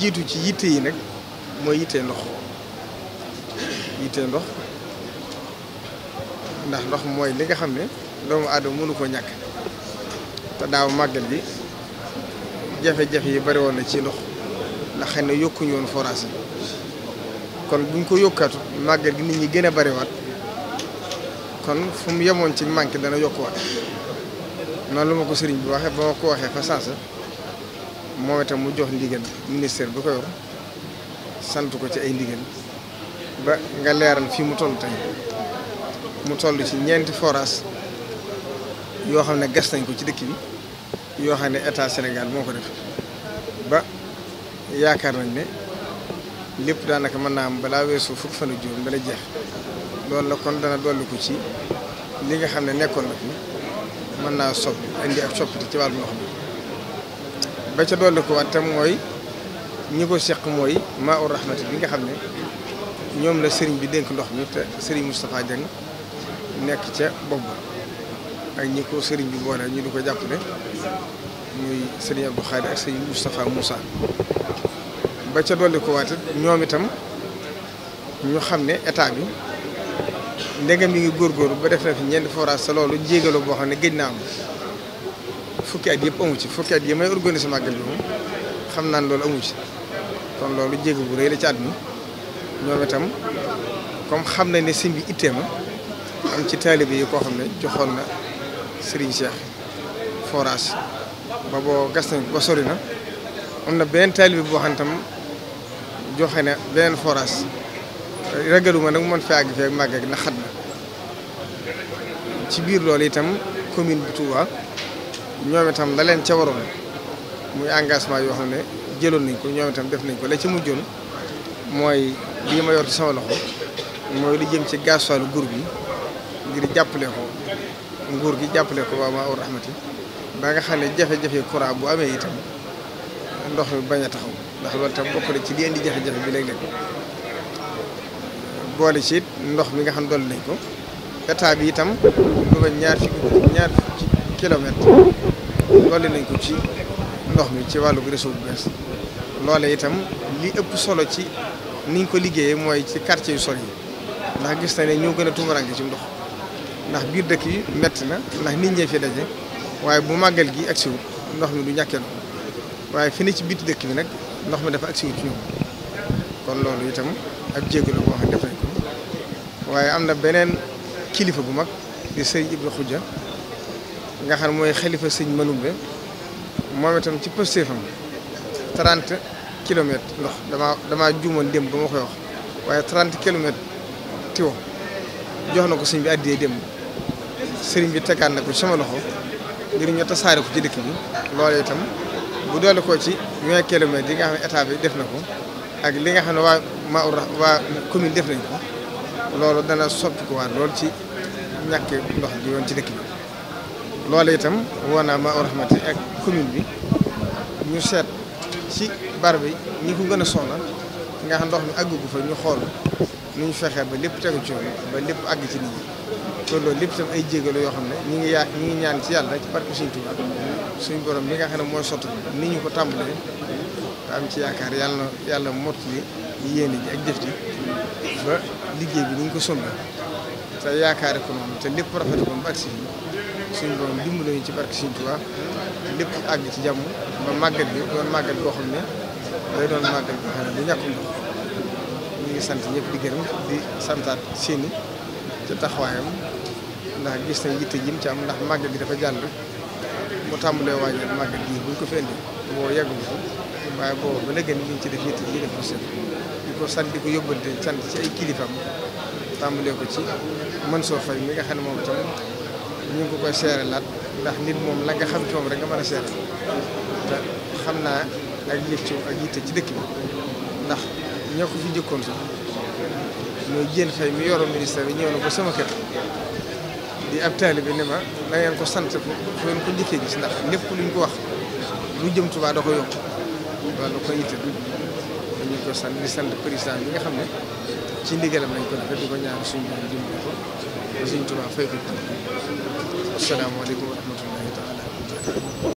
jiitu ci yitte yi nag mooy yitte ndox yitte ndox ndax ndox mooy li nga xam ne doomu aadama mënu ko ñàkk te daaw màggal bi jafe-jafe yi bari woon na ci ndox ndax xëy na yokkuñu woon forage yi kon buñ ko yokkatu màggal gi nit ñi gën a bariwaat kon fu mu yemoon ci manqué dana yokkuwaat noonu lu ma ko sëriñ bi waxee ba ma ko waxee fa moom itam mu jox ndigal ministère bu ko yor sant ko ci ay ndigal ba nga leeral fi mu toll tey mu toll ci ñeenti forage yoo xam ne gas nañ ko ci dëkk bi yoo xam ne état senegal moo ko def ba yaakaar nañ ne lépp daanaka mën naa am balaa weesu fukk fan ak juróom dana jeex loolu la kon dana dolli ko ci li nga xam ne nekkoon na fi mën naa soppi indi ak soppite ci wàllu ndox mi ba ca dolli ko waat tam mooy ñi ko seq mooy maa ur rahmati bi nga xam ne ñoom la sëriñ bi dénk ndox mi te sëriñ Moustapha Dieng nekk ca bopp ba ak ñi ko sëriñ bi boole ñu du ko jàppale muy sëriñ Abdou Khadre ak sëriñ Moustapha Moussa ba ca dolli ko waat ñoom itam ñu xam ne état bi ndegam mi ngi góor ba def na fi ñeenti forage sa loolu jéegaloo boo xam ne géej naa fukki at yëpp amu ci fukki at yi may organiser màggal bi moom xam naa loolu amu ci kon loolu jéego bu rëy la ci àdduna ñoom comme xam nañ ne sëñ bi ma ci taalibe yi koo xam ne joxoon na Serigne Cheikh forage ba boo gas nañ ba sori na am na beneen taalibe boo xam ne tam joxe na beneen forage ragaluma nag man fee àgg fee màgg ak na xat na ci biir loolu itam commune bu Touba. ñoom itam la leen ca waroon muy engagement yoo xam ne jëloon nañ ko ñoom itam def nañ ko la ci mujjoon mooy lii ma yor ci sama loxo mooy li jëm ci gasoil nguur gi ngir jàppale ko nguur gi jàppale ko waa Maa-u Rahmati ba nga xam ne jafe-jafe courant bu amee itam ndox mi bañ a taxaw ndax loolu tam bokk na ci li indi jafe-jafe bi léeg-léeg boole ci ndox mi nga xam dolli nañ ko état bi itam lu ma ñaar ci ñaar ci kilomètre loole nañ ko ci ndox mi ci wàllu réseau bu bees loole itam li ëpp solo ci niñ ko liggéeyee mooy ci quartier yu sol yi ndax gis na ne ñoo gën a gi ci ndox ndax biir dëkk yi metti na ndax nit ñee fi daje waaye bu màggal gi agsiwut ndox mi du ñàkkee ndox waaye fi ne ci biti dëkk bi nag ndox mi dafa agsiwut ci ñoom kon loolu itam ab jéego la boo xam ne ko waaye am na beneen kilifa bu mag di sëriñ Ibra Xujja nga xam ne mooy xalifa sëñ Manoumbe moom itam ci pëstéefam trent kilomètres ndox damaa damaa juumoon démb ba ma koy wax waaye trent kilomètres tiwo jox na ko sëñ bi addiyee démb sëriñ bi tegaat na ko sama loxo ngir ñu tasaare ko ci dëkk bi loolu itam bu doole ko ci kilomètres yi nga xam ne état bi def na ko ak li nga xam ne waa ma waa commune def nañ ko loolu dana soppi ko waat loolu ci ñàkk ndox ji woon ci dëkk bi loola itam woo ma rahmati ak commune bi ñu seet ci bar bi ñi ko gën a soxla nga xam ndox mi àggu fa ñu xool nu ñu fexee ba lépp tegu ci ba lépp àgg ci nit ñi loolu lépp itam ay jégalu yoo xam ne ñu ngi yaa ñaan ci yàlla ci barke Sëriñ Tuubaa suñu borom li nga xam ne mooy sotti ni ñu ko tàmbalee am ci yaakaar yàlla na yàlla mot li yéene ji ak jëf ji liggéey bi ni ñu ko somb te yaakaari ko noonu te lépp rafet ko ba agsi suñu borom dimbali ñu ci barke Sëriñ Tuubaa lépp àgg ci jàmm ba màggal bi doon màggat boo xam ne day doon màggal boo xam ne du ñàkk ndox ngi sant ñëpp di gërëm di santaat seeni ci taxawaayam ndax gis nañ yitte jim ci am ndax màggal bi dafa jàll mu tàmbalee waajal màggal bi buñ ko fi indi boo yàggu ko waaye boobu ba léegi ñu ngi ci def yitte ji def ko seen di ko sant di ko yóbbante sant ci ay kilifaam tàmbalee ko ci soo Faye mi nga xam ne moom tam ñu ngi ko koy seere laat ndax nit moom la nga xam ci moom rek nga mën a seere te xam naa ak yëg ci ak yitte ci dëkk bi ndax ñoo ko fi jëkkoon sax mooy jën fay mu yoroo ministère bi ñëw na ko sama kër di ab bi ne ma da ko sant fu ngeen ko njëkkee gis ndax lépp luñ ko wax lu jëm Tuubaa da ko yokk loolu da ko yitte kon ñu ngi ko sant di sant président bi nga xam ne ci ndigalam lañ ko defee di ko ñaan suñu borom dimbali ko suñ tubaab fay ko. asalaamaaleykum wa rahmatullahi taala